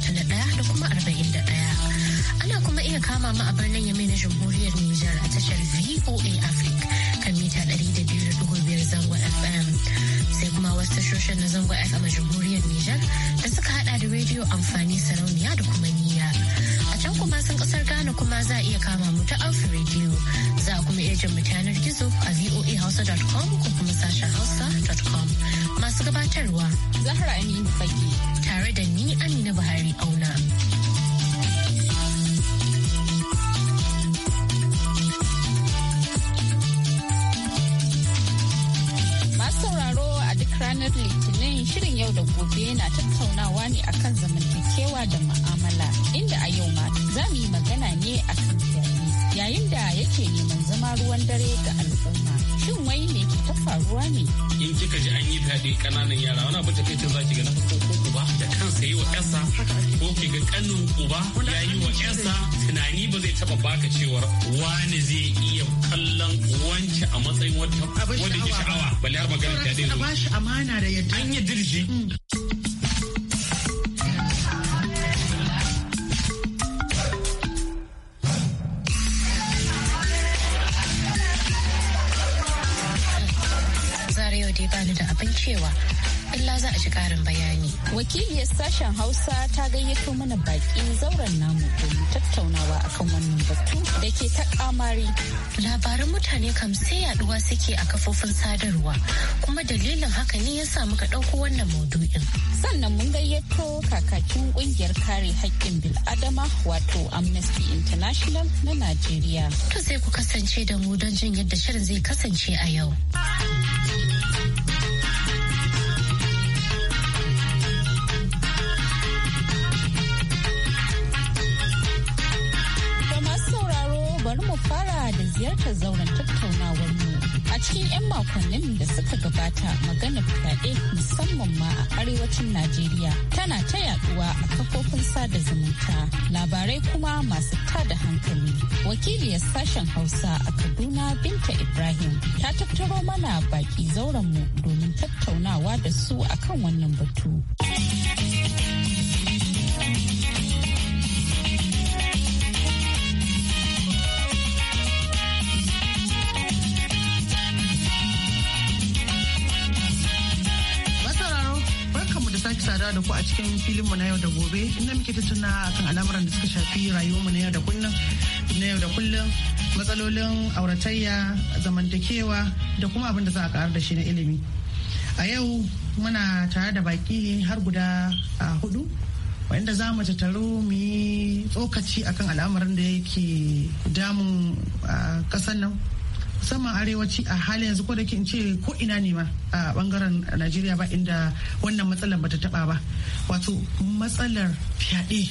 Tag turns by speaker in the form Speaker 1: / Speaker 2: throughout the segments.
Speaker 1: 31 da kuma 41. Ana kuma iya kama mu a birnin Yamai na Jamhuriyar Nijar a tashar VOA Africa kan mita 200.5 zango FM. Sai kuma wasu tashoshin na zango FM a Jamhuriyar Nijar da suka hada da rediyo amfani sarauniya da kuma ni. A can kuma sun kasar Ghana kuma za a iya kama mu ta Alpha Radio. Za a kuma iya jin yanar gizo a voahausa.com ko kuma sashen hausa.com. Masu gabatarwa Zahra Aminu Fage tare da ni Amina Buhari Auna.
Speaker 2: ranar litinin shirin yau da gobe na tattaunawa ne akan zamantakewa da ma mu'amala inda a yau ma za mu yi magana ne a kan fyaɗe yayin da yake neman zama ruwan dare ga al'umma. Shin wai me ke ta faruwa ne?
Speaker 3: In kika ji an yi fyaɗe ƙananan yara wani abin takaicin za ki ga na farko ko uba da kansa yi wa ƴansa ko ki ga ƙanin uba ya yi wa ƴansa tunani ba zai taɓa baka cewar wani zai iya kallon wance a matsayin wata wanda ke sha'awa balle har magana fyaɗe. A
Speaker 4: bashi amana da yadda. An yi dirji. Mm.
Speaker 1: sannu da abin cewa illa za a ji karin bayani.
Speaker 2: Wakiliyar sashen Hausa ta gayyato mana baki zauren namu domin tattaunawa akan wannan batu da ke ta kamari. Labaran mutane kam sai yaduwa suke a kafofin sadarwa kuma dalilin haka ne ya sa muka ɗauko wannan maudu'in. Sannan mun gayyato kakakin kungiyar kare haƙƙin bil'adama wato Amnesty International na Najeriya. To sai ku kasance da mu don jin yadda shirin zai kasance a yau. fara da ziyartar zauren tattaunawar mu. A cikin 'yan makonnin da suka gabata maganar fyaɗe musamman ma a arewacin Najeriya tana ta yaduwa a kafofin sada zumunta labarai kuma masu tada hankali. Wakiliyar sashen Hausa a Kaduna Binta Ibrahim ta tattaro mana baki zauren mu domin tattaunawa da su akan wannan batu.
Speaker 4: da ku a cikin filinmu na yau da gobe inda muke tattauna akan al'amuran da suka shafi rayuwarmu na yau da kullum na yau da kullum matsalolin auratayya zamantakewa da kuma abin da za a karar da shi na ilimi a yau muna tare da baki har guda hudu wanda za mu tattaru mu yi tsokaci akan al'amarin da yake damun kasar nan musamman arewaci a halin yanzu ko da ke ce ko ina ne ma a bangaren najeriya ba inda wannan matsalar bata taba ba wato matsalar fyaɗe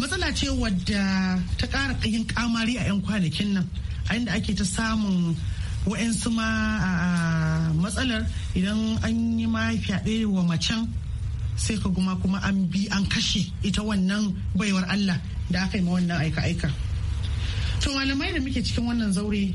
Speaker 4: matsala ce wadda ta ƙara yin kamari a 'yan kwanakin nan a inda ake ta samun wa'yansu ma a matsalar idan an yi ma fyaɗe wa macen sai ka guma kuma an bi an kashe ita wannan baiwar allah da aka yi ma wannan aika-aika to malamai da muke cikin wannan zaure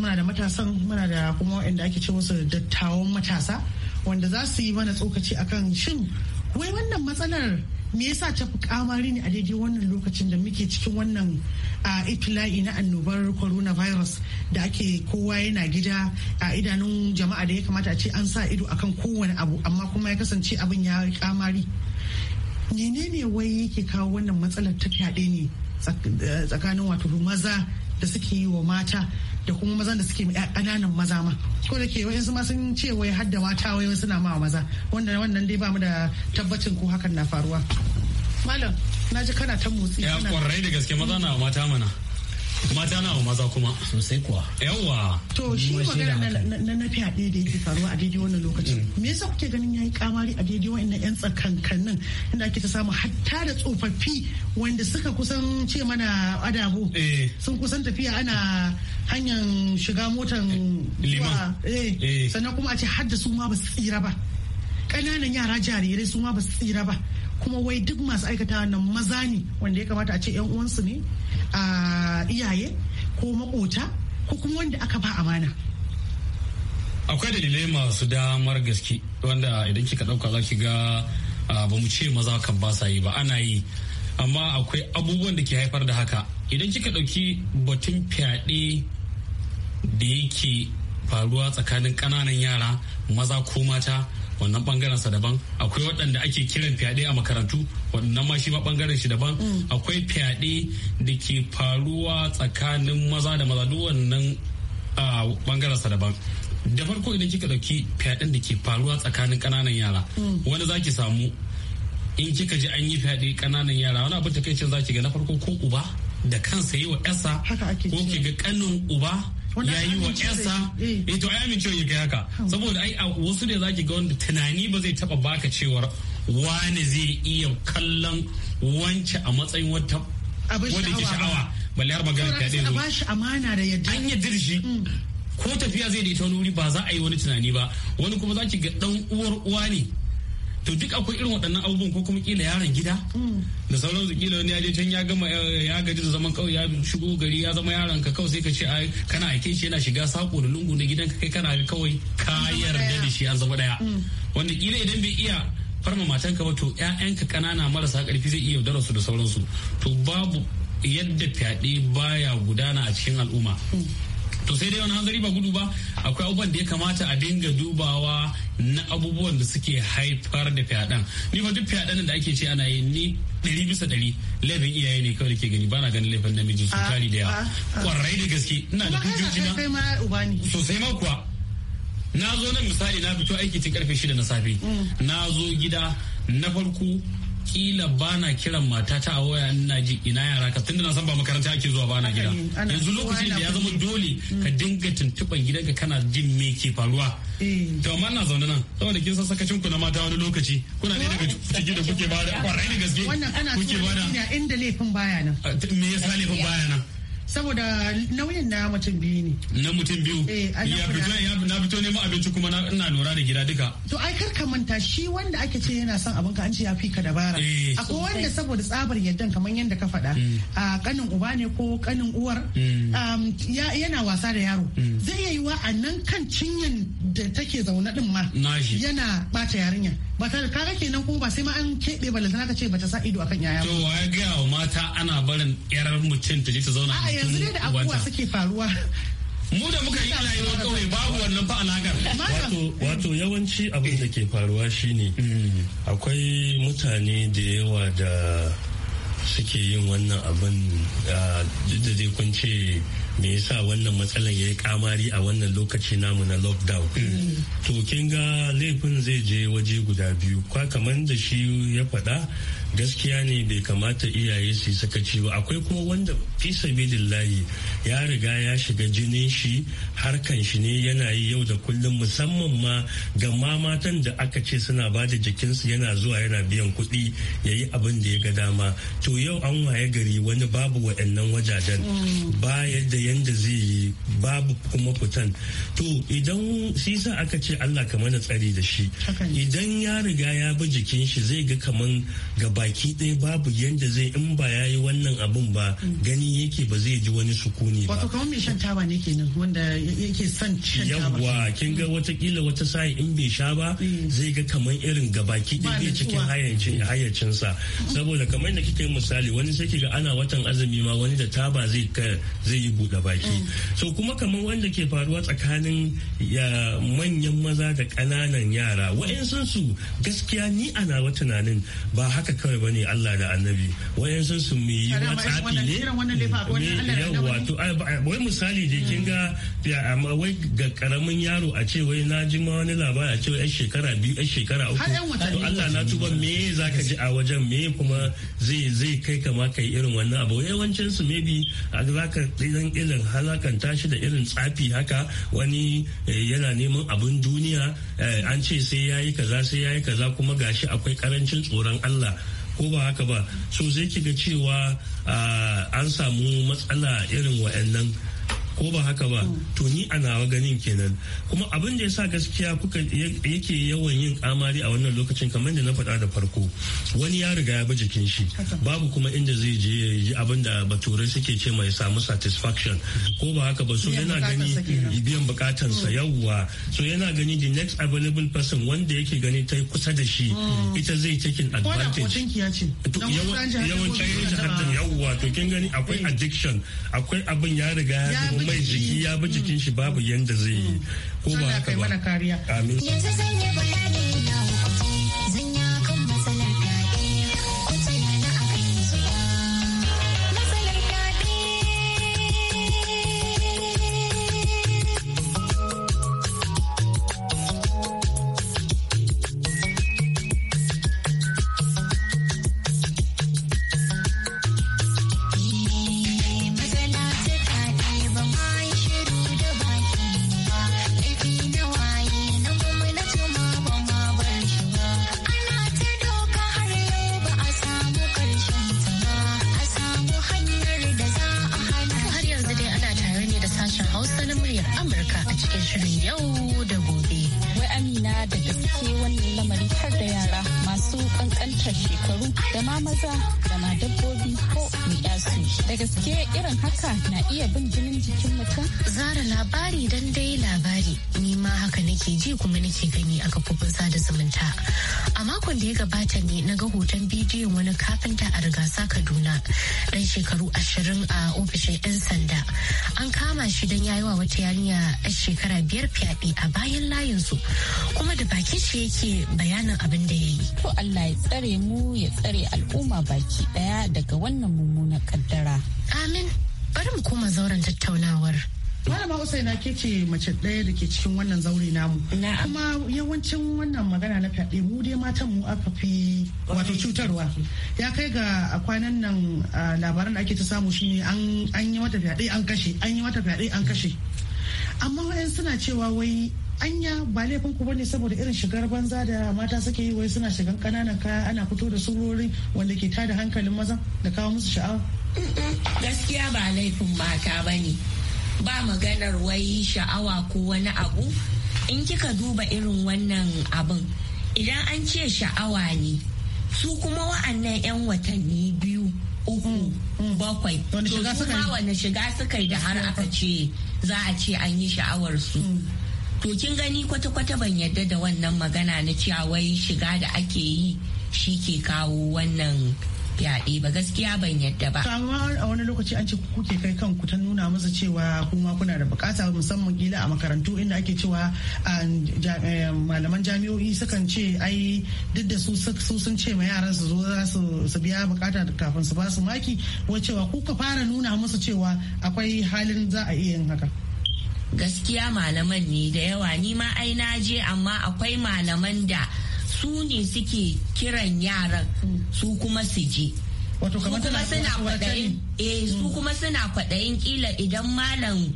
Speaker 4: muna da matasan muna da kuma waɗanda ake ce musu dattawan matasa wanda za su yi mana tsokaci akan shin wai wannan matsalar me yasa ta fi kamari ne a daidai wannan lokacin da muke cikin wannan a itila'i na annobar coronavirus da ake kowa yana gida a idanun jama'a da ya kamata a ce an sa ido akan kowane abu amma kuma ya kasance abin ya kamari ne wai yake kawo wannan matsalar ta fyaɗe ne tsakanin wato maza da suke yi wa mata da kuma mazan da suke ƙananan maza ma ko da ke wayansu ma sun ce wai hadda mata wai suna ma maza wanda wannan dai ba mu da tabbacin ko hakan na faruwa malam na ji kana ta motsi ya kwarai da gaske
Speaker 3: maza na mata mana mata na wa maza kuma sosai kuwa yawa
Speaker 4: to shi magana na na fyaɗe da yake faruwa a daidai wannan lokacin mm. me yasa kuke ganin yayi kamari a daidai wa'annan yan tsakankanin inda ake ta samu hatta da tsofaffi wanda suka kusan ce mana adabu. Eh. sun kusan tafiya ana hanyar shiga motan eh, liman eh, sannan kuma a ce har da su ma ba su tsira ba ƙananan yara jarirai su ma ba su tsira ba kuma wai duk masu aikata nan maza ne wanda ya kamata a ce yan uwansu ne a iyaye ko makota ko kuma wanda aka ba amana
Speaker 3: akwai dalilai masu damar gaske wanda idan kika dauka za ki ga ba mu ce maza kan ba sa yi ba ana yi amma akwai abubuwan da ke haifar da haka idan kika dauki batun fyaɗe da yake faruwa tsakanin ƙananan yara maza ko mata wannan bangaren sa daban akwai waɗanda ake kiran fyaɗe a makarantu wannan ma shi ma bangaren shi daban mm. akwai fyaɗe da ke faruwa tsakanin maza da maza duk wannan bangaren sa daban da farko idan kika ɗauki fyaɗen da ke faruwa tsakanin ƙananan yara mm. wani zaki samu in kika ji an yi fyaɗe ƙananan yara wani abin takaicin zaki ga na farko ko uba da kansa yi wa ƴasa ko ki ga ƙanin uba ya yi wa ƴansa eh. eh to ai amincewa ya kai haka saboda ai wasu da zaki ga wanda tunani ba zai taba baka cewar wani zai iya kallon wance a matsayin wata wanda ke sha'awa balle har magana ta dai ba
Speaker 4: shi amana da yadda an yadda shi mm. ko tafiya zai da ita wani wuri ba za
Speaker 3: a yi wani tunani ba wani kuma zaki ga dan uwar uwa ne to duk akwai irin waɗannan abubuwan ko kuma kila yaron gida mm. da sauran su kila wani yaje can ya gama eh, ya gaji da zaman kawai ya shigo gari ya zama yaron ka kawai sai ka ce ai kana aike shi yana shiga sako da lungu na gidanka kai kana ga kawai kayar yarda da shi an zama daya mm. wanda kila idan bai iya farma matarka ba to ƴaƴanka ƙanana marasa ƙarfi zai iya su da sauransu to babu yadda fyaɗe baya gudana a cikin al'umma mm. to sai dai wani hanzari ba gudu ba akwai abubuwan da ya kamata a dinga dubawa na abubuwan da suke haifar da fyaɗen ni ba duk fyaɗen da ake ce ana yi ni ɗari bisa ɗari laifin iyaye ne kawai da ke gani bana ganin laifin namiji sun tari da yawa kwarai da gaske ina da hujjoji na sosai ma kuwa na zo nan misali na fito aiki tun karfe shida na safe mm. na zo gida na farko kila ba na kiran matata a waya ina ji ina yara ka tunda na san ba makaranta ake zuwa ba na gida yanzu lokacin da ya zama dole ka mm. dinga tuntuban ka kana jin me ke faruwa eh. to amma na zaune nan saboda kin san sakacin ku na mata wani lokaci kuna ne daga cikin da kuke ba da kwarai da gaske kuke ba da
Speaker 4: inda laifin baya nan me yasa laifin baya nan saboda nauyin na mutum biyu ne na mutum biyu eh, ya fito na fito
Speaker 3: ma abinci kuma ina lura da gida duka
Speaker 4: to ai kar ka manta shi wanda ake ce yana son abin ka an ce ya fi ka dabara eh, akwai wanda saboda tsabar yaddan kamar yadda ka faɗa hmm. a kanin uba ne ko kanin uwar hmm. yana wasa da yaro hmm. zai iya yiwa a nan kan cinyan da take zaune din ma yana ɓata yarinya ba ka kaga kenan ko ba sai ma an keɓe balantana ka ce ba ta sa ido akan yaya to wa ya
Speaker 3: gaya wa mata ana barin yarar mutum ta je ta zauna yanzu ne da abubuwa
Speaker 4: suke faruwa mu da muka yi kawai babu wannan Wato
Speaker 5: yawanci abin da ke faruwa shine akwai mutane da yawa da suke yin wannan abin da dai kun ce me yasa wannan matsalan ya yi kamari a wannan lokaci namu na lockdown mm. to kin ga laifin zai je waje guda biyu kwa kamar da shi ya faɗa gaskiya ne bai kamata iyaye su yi sakaci ba akwai kuma wanda fi sabidillahi ya riga ya shiga jinin shi harkan shi ne yana yi yau da kullum musamman ma ga matan da aka ce suna ba da jikinsu yana zuwa yana biyan kuɗi ya yi abin da ya ga dama to yau an waye gari wani babu waɗannan wajajen ba yadda yanda zai yi babu kuma fitan to idan shi sa aka ce Allah kamar da tsari da shi idan ya riga ya bi jikin shi zai ga kamar gaba baki ɗaya babu yadda zai in ba ya yi wannan abun ba mm. gani yake ba zai ji wani sukuni ba. Wato
Speaker 4: kamar mai shan taba ne kenan wanda yake son shan taba. Yawwa
Speaker 5: kin ga watakila wata sa'i in bai sha ba mm. zai ga kamar irin gabaki ɗaya bai cikin hayyacinsa saboda kamar da kike misali wani sai ga ana watan azumi ma wani da taba zai zai yi buɗe baki. Mm. So kuma kamar wanda ke faruwa tsakanin manyan maza da ƙananan yara wa'in su gaskiya ni ana wa tunanin ba haka kawai ba ne Allah da annabi wayan sun su mu yi matsafi
Speaker 4: ne wato
Speaker 5: wai misali da kin ga wai ga karamin yaro a ce wai na ji ma wani labari a ce wai shekara biyu a shekara uku to Allah na tuba me zaka ji a wajen me kuma zai zai kai kama kai irin wannan abu yawancin su maybe zaka idan irin halakanta shi da irin tsafi haka wani eh, yana neman abun duniya eh, an ce sai yayi kaza sai yayi kaza kuma gashi akwai karancin tsoron Allah ko ba haka ba so zai ki ga cewa ah, an samu matsala irin waɗannan. ko ba haka ba mm. to ni a nawa ganin kenan kuma abin da yasa gaskiya kuka yake yawan yin amari a wannan lokacin kamar da na faɗa da farko wani ya riga ya bi jikin shi babu kuma inda zai je ya yi abin da baturai suke ce mai samu satisfaction ko ba haka ba so yana gani biyan bukatan sa mm. yawwa so yana gani the next available person wanda yake gani ta kusa da shi mm. ita zai taking advantage
Speaker 4: yawan yawan
Speaker 5: yawwa to kin gani akwai eh. addiction akwai abin ya riga ya bai jiki ya bi jikin shi babu yanda zai yi ko ba haka ba amin
Speaker 1: likita a rigasa kaduna ɗan shekaru ashirin a ofishin 'yan sanda an kama shi don yayi wa wata yarinya a shekara biyar fyaɗe a bayan
Speaker 2: layinsu kuma da baki shi yake bayanin abin da ya yi to allah ya tsare mu ya tsare al'umma baki ɗaya daga wannan mummunar kaddara amin bari
Speaker 4: mu koma zauren tattaunawar malama na ke ce mace ɗaya da ke cikin wannan zaure namu kuma yawancin wannan magana na fyaɗe mu dai matan mu aka fi wato cutarwa ya kai ga a kwanan nan labaran da ake ta samu shine an yi mata fyaɗe an kashe an yi mata fyaɗe an kashe amma wa'in suna cewa wai anya ba laifin ku bane saboda irin shigar banza da mata suke yi wai suna shigan kananan kaya ana fito da surori wanda ke tada hankalin maza da kawo musu sha'awa gaskiya ba laifin
Speaker 6: mata bane ba maganar wai sha'awa ko wani abu in kika duba irin wannan abin idan an ce sha'awa ne su kuma wa'annan 'yan watanni biyu uku mm, mm. bakwai su kuma wani shiga suka yi da har aka ce za a ce an yi sha'awar su mm. to kin gani kwata-kwata ban yadda da wannan magana na cewa wai shiga da ake yi shi ke kawo wannan fyaɗe ba gaskiya ban yadda ba.
Speaker 4: Kama a wani lokaci an ce kuke kai kanku ta nuna musu cewa kuma kuna da bukata musamman kila a makarantu inda ake cewa eh, malaman jami'o'i sukan ce ai duk da su sun ce ma yaran su zo za su biya bukata kafin su ba su maki ku kuka fara nuna musu cewa akwai halin za a iya yin haka.
Speaker 6: Gaskiya malaman ne da yawa ni ma ai na je amma akwai malaman da su ne suke kiran yaran su kuma su je
Speaker 4: su eh,
Speaker 6: hmm. kuma suna kwaɗayin ƙila idan malam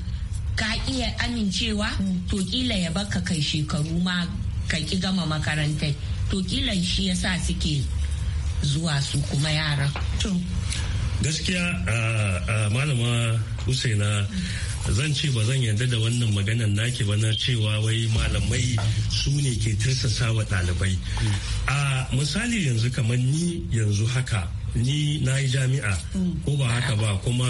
Speaker 6: ka iya amincewa hmm. to kila ya baka kai shekaru ma ka ki gama makarantar to kila shi ya sa suke zuwa su kuma yaran
Speaker 5: gaskiya malama usaina zan ce ba zan yarda da wannan maganar nake ba na cewa wai malamai su ne ke tirsasa wa ɗalibai a misali yanzu kamar ni yanzu haka ni na yi jami'a ko ba haka ba kuma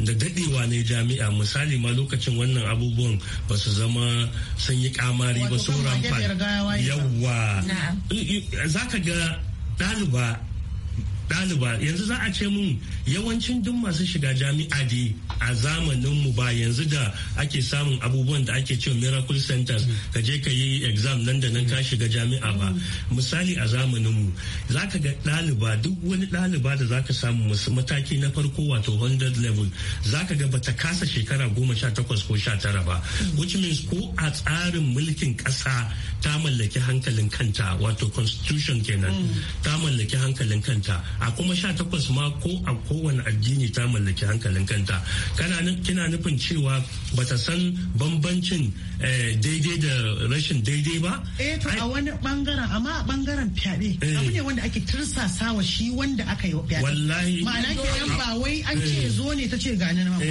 Speaker 5: da dadewa yi jami'a misali ma lokacin wannan abubuwan ba su zama sun yi kamari ba sauran yawwa za ka ga ɗaliba ɗaliba yanzu za a ce mun yawancin duk masu shiga jami'a de a zamanin mu ba yanzu da ake samun abubuwan da ake cewa miracle centers ka je ka yi exam nan da nan ka shiga jami'a ba misali a zamanin mu zaka ga ɗaliba duk wani ɗaliba da zaka samu mataki na farko wato 100 level zaka ga bata kasa shekara goma sha takwas ko sha tara ba which means ko a tsarin mulkin ƙasa ta mallaki hankalin kanta wato constitution kenan ta mallaki hankalin kanta a kuma sha takwas ma ko a kowane addini ta mallaki hankalin kanta kana kina nufin cewa bata san bambancin eh, daidai da rashin daidai ba
Speaker 4: eh to a wani bangaren amma a bangaren fyaɗe eh. abu ne wanda ake wa shi wanda aka yi fyaɗe wallahi ma'ana kenan ba wai an ce eh. zo ne ta ce gani na ba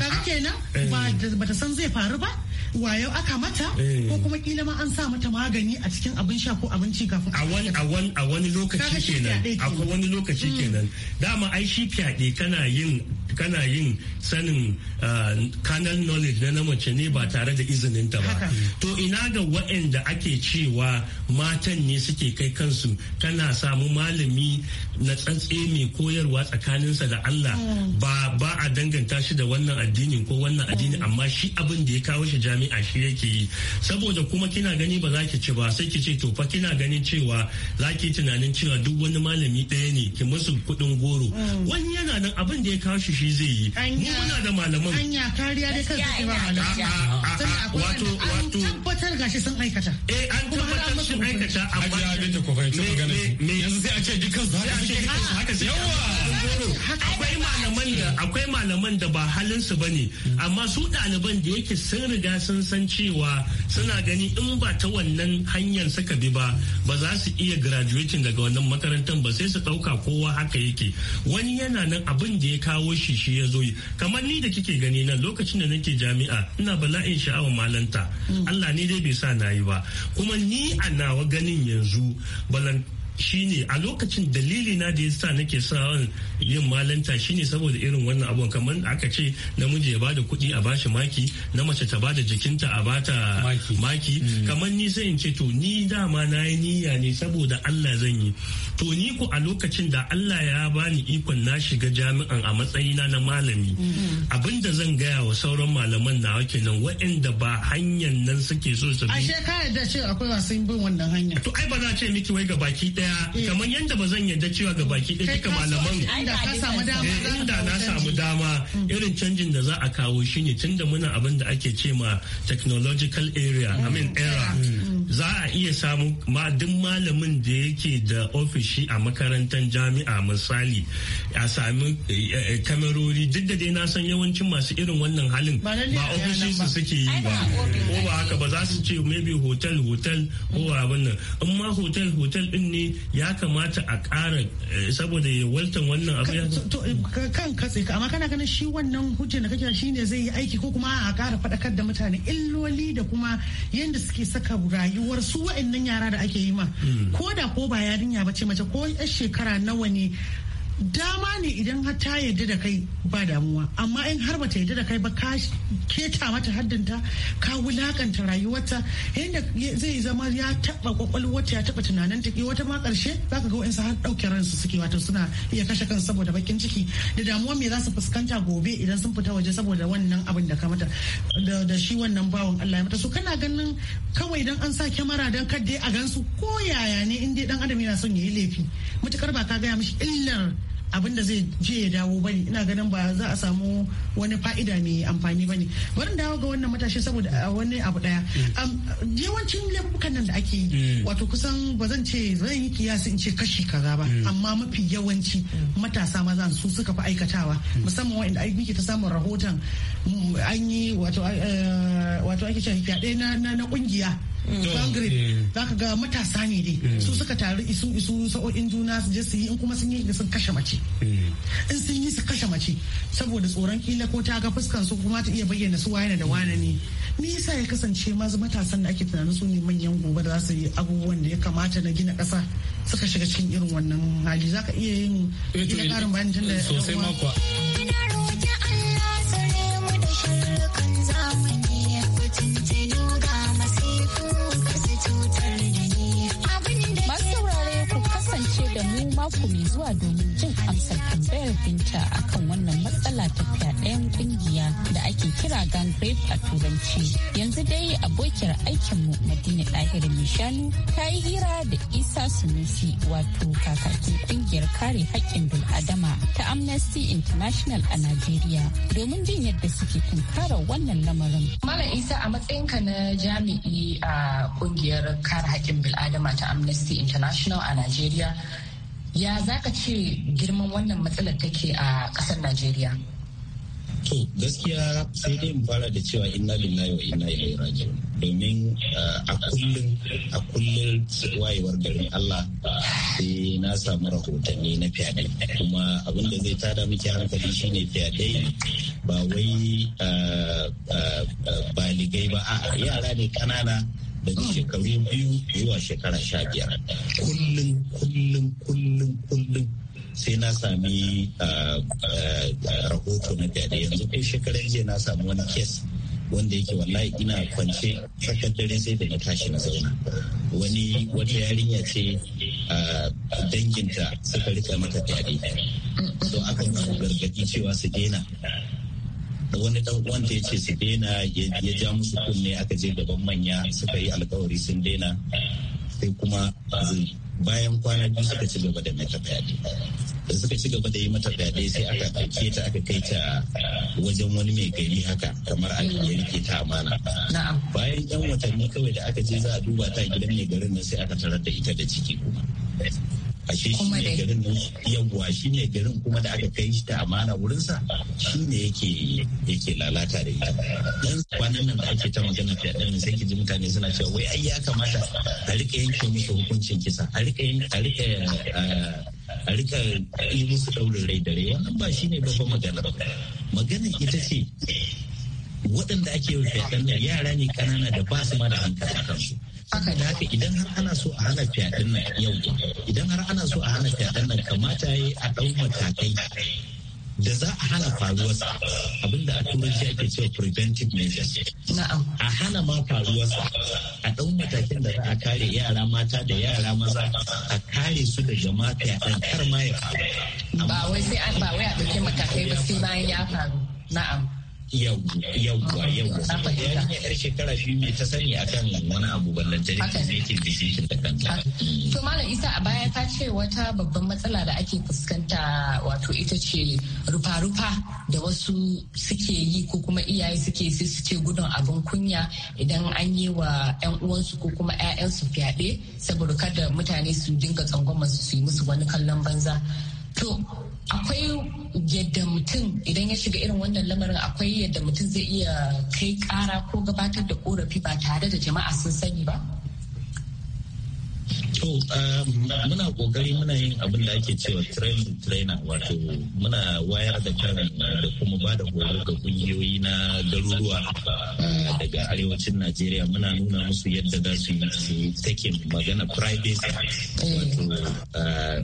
Speaker 4: kaga kenan ba ta san zai faru ba wayo aka mata eh. ko kuma kila ma an sa mata magani a cikin abin sha ko abinci kafin a wani a wani a wani lokaci kenan akwai wani lokaci mm. kenan
Speaker 5: dama ai shi fyaɗe kana yin kana yin sanin kanal uh, knowledge na na mace ne ba tare da izinin ta ba to ina ga waɗanda ake cewa matan ne suke kai kansu kana samu malami na tsantse mai koyarwa tsakaninsa da Allah mm. ba ba a danganta shi da wannan addinin ko wannan addini mm. amma shi abin da ya kawo shi jami'a shi yake yi saboda kuma kina gani ba za ki ci ba sai ki ce to fa kina ganin cewa za ki tunanin cewa duk wani malami ɗaya ne ki musu kuɗin goro mm. wani yana nan abin da ya kawo shi shi zai yi mu muna da malaman anya
Speaker 4: kariya dai kan su ba malaman wato wato tabbatar gashi sun aikata
Speaker 5: eh an tabbatar amma su akwai malaman da ba halin su bane amma su ɗaliban da yake sun riga sun san cewa suna gani in ba ta wannan hanyar suka bi ba ba za su iya graduating daga wannan makarantar ba sai su ɗauka kowa haka yake wani yana nan abin da ya kawo shi shi ya zo yi kamar ni da kike gani nan lokacin da nake jami'a ina bala'in sha'awar malanta mm. Allah ne dai bai sa na yi ba kuma ni a nawa ganin yanzu balan shine a lokacin dalili na da yasa nake sa yin malanta shine saboda irin wannan abun kamar aka ce namiji ya bada kuɗi a bashi maki na mace ta bada jikinta a bata maki mm. kamar ni sai in ce to ni dama na yi niyya ne saboda Allah zan yi to ni ku a lokacin da Allah ya bani ikon na shiga jami'an a matsayina na malami mm. da zan gaya wa sauran malaman na wake nan waɗanda ba hanyar nan suke so su bi a shekara
Speaker 4: da ce akwai wasu bin wannan hanya to
Speaker 5: ai ba za ce miki wai ga baki ɗaya daya kamar yadda ba zan yadda cewa ga baki ɗaya kika malaman inda na samu dama irin canjin da za a kawo shine da muna abin da ake ce ma technological area i mean mm. era
Speaker 4: mm. za
Speaker 5: a iya samu ma duk malamin da yake da ofishi a makarantar jami'a misali a sami eh, eh, kamerori duk da dai na san yawancin masu irin wannan halin ba ofishi su suke yi ba ko ba haka ba za su ce maybe hotel hotel ko abin nan in ma hotel hotel din ne ya kamata a ƙara eh, saboda ya wannan abu ya
Speaker 4: eh, kan katse ka amma kana ganin shi wannan hujjar da kake shi ne zai yi aiki ko kuma a ƙara faɗakar da mutane illoli da kuma yadda suke saka rayuwar su wa'annan yara da ake yi ma hmm. ko da ko ba yarinya ba ce mace ko yar shekara nawa ne dama ne idan har ta yarda da kai ba damuwa amma in har bata yarda da kai ba ka keta mata haddinta ka wulakanta rayuwarta yadda zai zama ya taba kwakwalwarta ya taba tunanin ta wata ma karshe ka ga wa'ansu har dauke ransu suke wato suna iya kashe kan saboda bakin ciki da damuwa me za su fuskanta gobe idan sun fita waje saboda wannan abin da ka mata da shi wannan bawan Allah ya mata so kana ganin kawai dan an sa kyamara dan kadde a gansu ko yaya ne in dai dan adam yana son ya yi laifi matukar ba ka gaya mishi illar abin da zai je ya dawo bane ina ganin ba za a samu wani fa'ida mai amfani bane barin dawo ga wannan matashi saboda wani abu daya mm. yawancin laifukan nan da ake yi mm. wato kusan ba zan ce zan yi kiyasi in ce kashi kaza ba mm. amma mafi yawanci matasa maza su suka fi aikatawa musamman wa'anda muke ta samun rahoton an yi eh, wato ake cewa fyaɗe na kungiya Belgrade mm. mm. za ka ga matasa ne dai mm. su suka taru isu isu sa'o'in juna su je su yi in kuma sun yi sun kashe mace in sun yi su kashe mace saboda tsoron kila ko ta ga fuskan su kuma ta iya bayyana su waye da wane ne me yasa ya kasance mazu matasan da ake tunanin su ne manyan gobe da za su yi abubuwan da ya kamata na gina ƙasa suka shiga cikin irin wannan hali za ka iya yin eh ita ƙarin bayanin tun da eh, sosai
Speaker 2: mako mai zuwa domin jin amsar tambayar binta a kan wannan matsala ta fyaɗayan ƙungiya da ake kira gang a turanci. Yanzu dai abokiyar aikinmu Madina Ɗahir mai shanu ta yi hira da Isa Sunusi wato kakakin ƙungiyar kare haƙƙin adama ta Amnesty International a Najeriya domin jin yadda suke tunkara wannan lamarin. Malam Isa
Speaker 7: a matsayin ka na jami'i a ƙungiyar kare haƙƙin bil'adama ta Amnesty International a Najeriya ya za ka ce girman wannan matsalar take a ƙasar najeriya
Speaker 8: to gaskiya sai dai mu fara da cewa inna lillahi wa inna ilaihi raji'un domin eh, a kullum a kullum wayewar garin Allah sai na samu rahotanni na fyaɗe kuma abin da zai tada miki hankali shine fyaɗe ba wai eh, eh, baligai ba a yara ne kanana daga shekaru biyu zuwa shekara sha biyar
Speaker 5: kullum kullum kullum
Speaker 8: kullum sai na sami ah, ah, ah, rahoto na fyaɗe yanzu kai shekaran jiya na sami wani kes wanda yake wallahi ina kwance tsakar dare sai da na tashi na zauna wani wata yarinya ce danginta suka rika mata fyaɗe so aka musu gargaɗi cewa su daina wani dan uwanta ya ce su daina ya ja musu kunne aka je gaban manya suka yi alkawari sun daina sai kuma bayan kwana biyu suka ci gaba da mata fyaɗe da suka ci gaba da yi mata fyaɗe sai aka ɗauke ta aka kai ta wajen wani mai gari haka kamar an ya rike ta amana bayan yan watanni kawai da aka je za a duba ta gidan mai garin nan sai aka tarar da ita da ciki kuma ashe shi ne garin nan yawwa shi ne garin kuma da aka kai shi ta amana wurinsa shi ne yake yake lalata da ita dan kwanan nan da ake ta magana fiye da sai ki ji mutane suna cewa wai ai ya kamata a rika yanke musu hukuncin kisa a rika a rika a rika yi musu daurin rai da rai wannan ba shi ne babban magana magana ita ce waɗanda ake yi fiye yara ne ƙanana da ba su ma da hankali kansu haka da haka idan har ana so a hana fyaɗen nan yau idan har ana so a hana fyaɗen nan kamata ya yi a ɗau matakai da za a hana faruwarsa abinda a turanci ake cewa preventive measures a hana ma faruwarsa a ɗau matakin da za a kare yara mata da yara maza a kare su daga jama ya kar ma ya faru
Speaker 7: ba wai sai an ba wai a ɗauke matakai ba sai bayan ya faru na'am
Speaker 8: yawwa yawwa saboda ah, yarinya yar shekara biyu mai ta sani akan wani abu da zai ke decision da kanta ah,
Speaker 7: to malam isa a baya ta ce wata babban matsala da ake fuskanta wato ita ce rufa-rufa da wasu suke yi ko kuma iyaye suke sai su ce gudun abin kunya idan an yi wa 'yan uwansu ko kuma 'ya'yansu fyaɗe saboda kada mutane su dinga tsangwama su yi musu wani kallon banza to akwai yadda mutum idan ya shiga irin wannan lamarin akwai yadda mutum zai iya kai kara ko gabatar da korafi ba tare da jama'a sun sani ba?
Speaker 8: To um, muna kokari muna yin abin da ake cewa training trainer wato muna wayar da kan da kuma ba da horo ga kungiyoyi na garuruwa uh, daga arewacin Najeriya muna nuna musu yadda za su yi su take magana privacy wato uh,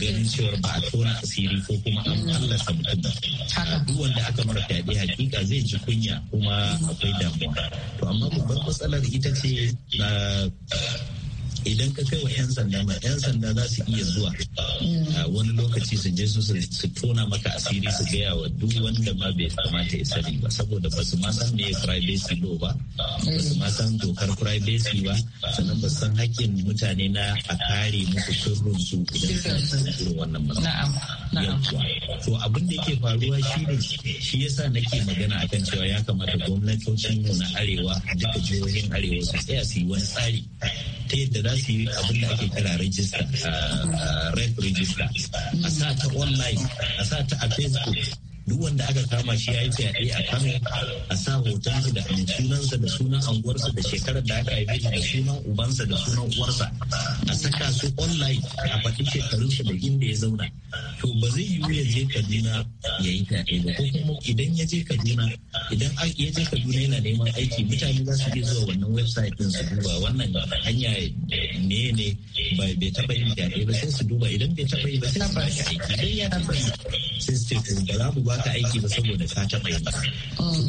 Speaker 8: ganin cewar ba a tona asiri ko kuma an fallasa mutum uh, duk wanda aka mara fyaɗe hakika zai ji kunya kuma akwai damuwa to amma babbar matsalar ita ce idan ka kai wa 'yan sanda ma 'yan sanda za su iya zuwa a wani lokaci su je su tona maka asiri su gaya wa duk wanda ma bai kamata ya sani ba saboda ba su ma san me privacy law ba ba su ma san dokar privacy ba sannan ba san hakkin mutane na a kare musu sirrin su idan ka irin wannan matsala to abin da yake faruwa shi ne shi yasa nake magana akan cewa ya kamata gwamnatocin mu na arewa duka jihohin arewa su tsaya su yi wani tsari ta yadda za su yi abin da ake kira register, eh, eh, red register, a sa ta online a sa ta a facebook duk wanda aka kama shi ya yi fyaɗe a kano a sa hotonsa da sunansa da sunan anguwarsa da shekarar da aka haife shi da sunan ubansa da sunan uwarsa a saka su online a faɗi shekarunsa da inda ya zauna to ba zai yiwu ya je kaduna ya yi fyaɗe ba ko kuma idan ya je kaduna idan ya je kaduna yana neman aiki mutane za su iya zuwa wannan website din su duba wannan hanya ne ne bai taɓa yin fyaɗe ba sai su duba idan bai taɓa yi ba sai su ba shi aiki idan ya taɓa yi sai su ce ba za mu ba maka aiki ba saboda ka taɓa yi ba.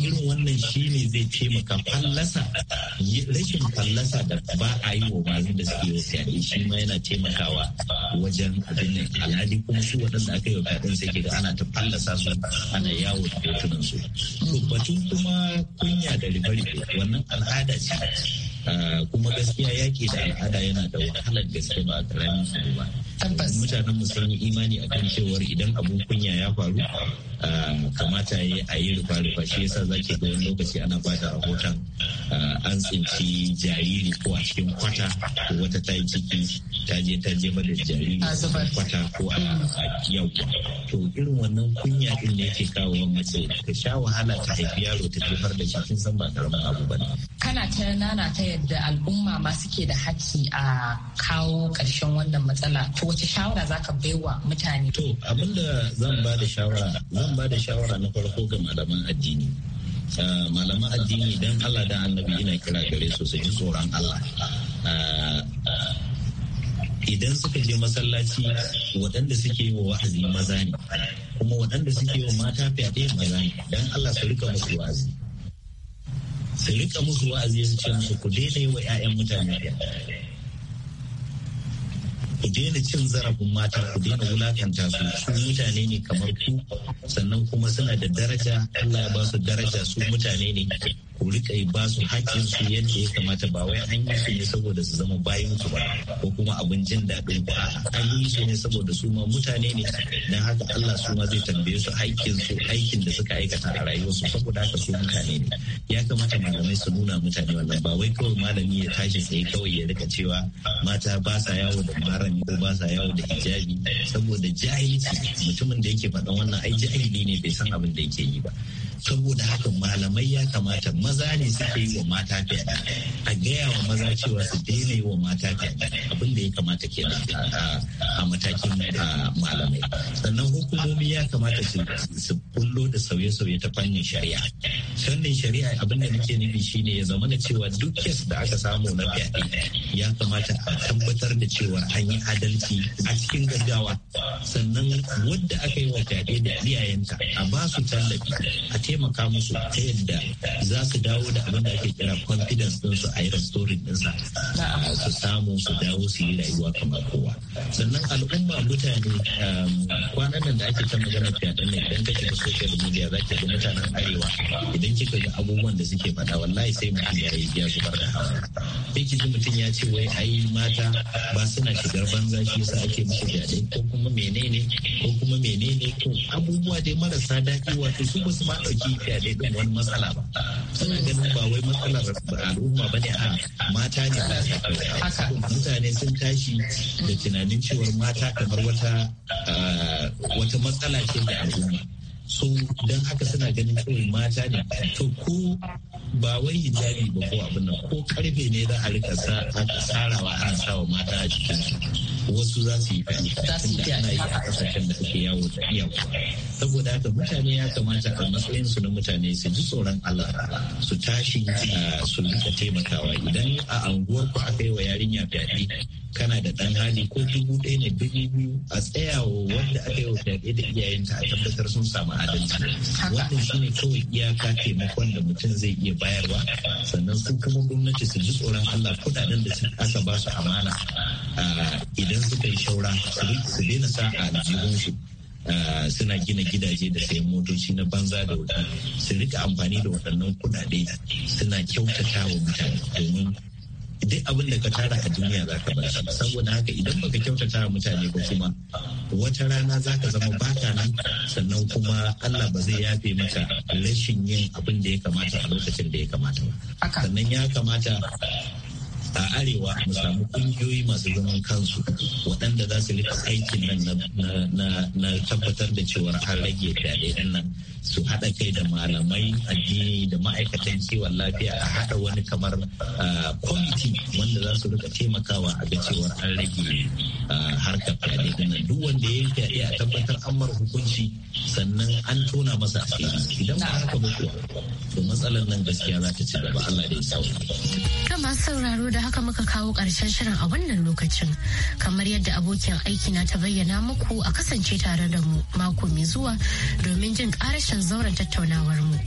Speaker 8: irin wannan ne zai taimaka fallasa rashin fallasa da ba a yi wa malin da suke yi fyaɗe shi ma yana taimakawa wajen abin nan alhali kuma su waɗanda aka yi wa fyaɗen sai ke ana ta fallasa su ana yawo da hotunan su batun kuma kunya da ribari wannan al'ada ce ah, kuma gaskiya yaki da al'ada yana da wahalar gaske ba a karamin su ba tabbas mutanen mu sun imani akan cewar idan abun kunya ya faru kamata ya a yi rufa rufa shi yasa zaki ga wani lokaci ana bada rahoton an tsinci jariri ko a cikin kwata ko wata ta yi ciki ta je ta je da jariri kwata ko a yau to irin wannan kunya din ne yake kawo mace ta sha wahala ta haifi yaro ta jefar da shi kin san ba karamin abu ba.
Speaker 7: kana ta nana ta yadda al'umma ma suke da haƙƙi a kawo ƙarshen wannan matsala to wace shawara za ka bai wa mutane? To
Speaker 8: abinda zan ba da shawara zan ba da shawara na farko ga malaman addini. Ah, malaman addini don Allah da annabi ina kira gare su su ji tsoron Allah. Ah, idan suka je masallaci waɗanda suke wa wa'azi maza ne, kuma waɗanda suke wa mata fyaɗe maza ne, don Allah su rika musu wa'azi. Su rika musu wa'azi su ce musu ku daina yi wa 'ya'yan mutane fyaɗe. ku daina cin zarafin mata ku daina wulakanta su su mutane ne kamar ku sannan kuma suna da daraja Allah ya ba su daraja su mutane ne ku rika ba su hakkin su yadda ya kamata ba wai an yi su ne saboda su zama bayan su ba ko kuma abin jin daɗin ba an yi su ne saboda su ma mutane ne dan haka Allah su ma zai tambaye su hakkin su aikin da suka aikata a rayuwarsu saboda haka su mutane ne ya kamata malamai su nuna mutane wannan ba wai kawai malami ya tashi sai kawai ya rika cewa mata ba sa yawo da marami ko ba sa yawo da hijabi saboda jahilci mutumin da yake faɗan wannan ai jahili ne bai san abin da yake yi ba saboda haka malamai ya kamata maza ne suke yi wa mata fyaɗe a gaya wa maza cewa su daina yi wa mata fyaɗe abin da ya kamata ke a matakin malamai sannan hukumomi ya kamata su bullo da sauye-sauye ta fannin shari'a fannin shari'a abin da nake nufi shine ya zama cewa duk kes da aka samu na fyaɗe ya kamata a tabbatar da cewa an yi adalci a cikin gaggawa sannan wadda aka yi wa fyaɗe da iyayenta a ba su tallafi a taimaka musu ta yadda za su su dawo da abin da ake kira confidence ɗinsu a yi restoring ɗinsa su samu su dawo su yi rayuwa kamar kowa sannan al'umma mutane um, kwanan nan da ake ta magana fyaɗen nan idan kake da social media za ki ga mutanen arewa idan kika ga abubuwan da suke faɗa wallahi sai mutum ya yi ya zubar da hawa sai ki ji mutum ya ce wai ai mata ba suna shigar banza shi yasa ake musu fyaɗe ko kuma menene ko kuma menene ko abubuwa dai marasa daɗi wato su ba su ma ɗauki fyaɗe ɗin wani matsala ba suna ganin ba wai matsalar al'umma ba ne a mata ne ba mutane sun tashi da tunanin cewar mata kamar wata wata matsala ce da al'umma so don haka suna ganin kawai mata ne to ko ba wai hijabi ba ko abin nan ko karfe ne za a rika a ana sawa mata a cikin wasu za su yi cikin da ana yi a ƙasashen da suke yawo da yawo saboda haka mutane ya kamata a matsayin su na mutane su ji tsoron Allah su tashi ah, su rika taimakawa idan a anguwar ku aka yi wa yarinya fyaɗe kana da ɗan hali ko dubu ɗaya ne dubu biyu a tsayawa wanda aka yi fyaɗe da iyayenta a tabbatar sun samu adalci wannan ne kawai iyaka taimakon da mutum zai iya bayarwa sannan su kuma gwamnati su ji tsoron Allah kudaden da aka ba su amana idan suka yi shaura su daina sa a aljihunsu suna gina gidaje da sayan motoci na banza da wuta su rika amfani da waɗannan kudade suna kyautata wa mutane domin duk abin da ka tara a duniya za ka bashi saboda haka idan baka kyautata wa mutane ba kuma wata rana za ka zama bata nan sannan kuma Allah ba zai yafe mata rashin yin abin da ya kamata a lokacin da ya kamata ba sannan ya kamata a arewa mu samu kungiyoyi masu zaman kansu waɗanda za su rika aikin nan na tabbatar da cewar an rage fyaɗe nan su haɗa kai da malamai addini da ma'aikatan kiwon lafiya a haɗa wani kamar kwamiti wanda za su rika taimakawa a ga cewar an rage harkar fyaɗe nan duk wanda ya yi fyaɗe a tabbatar an mara hukunci sannan an tona masa asiri idan ba haka ba kuwa to matsalar nan gaskiya za ta ci gaba Allah da ya sauka.
Speaker 1: Kama da haka muka kawo ƙarshen shirin a wannan lokacin. Kamar yadda abokin aiki na ta bayyana muku a kasance tare da mu mako mai zuwa domin jin ƙarashin zauren tattaunawar mu.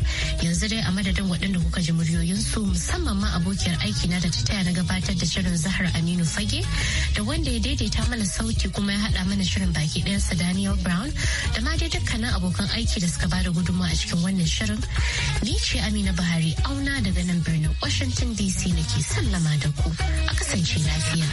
Speaker 1: Yanzu dai a madadin waɗanda kuka ji muryoyin su musamman ma abokiyar aiki na da ta taya na gabatar da shirin Zahar Aminu Fage da wanda ya daidaita mana sauti kuma ya haɗa mana shirin baki ɗayansa Daniel Brown da ma dai dukkanin abokan aiki da suka bada gudunmawa a cikin wannan shirin. Ni ce Amina Buhari auna daga nan birnin Washington DC nake sallama da ku. ku a kasance lafiya.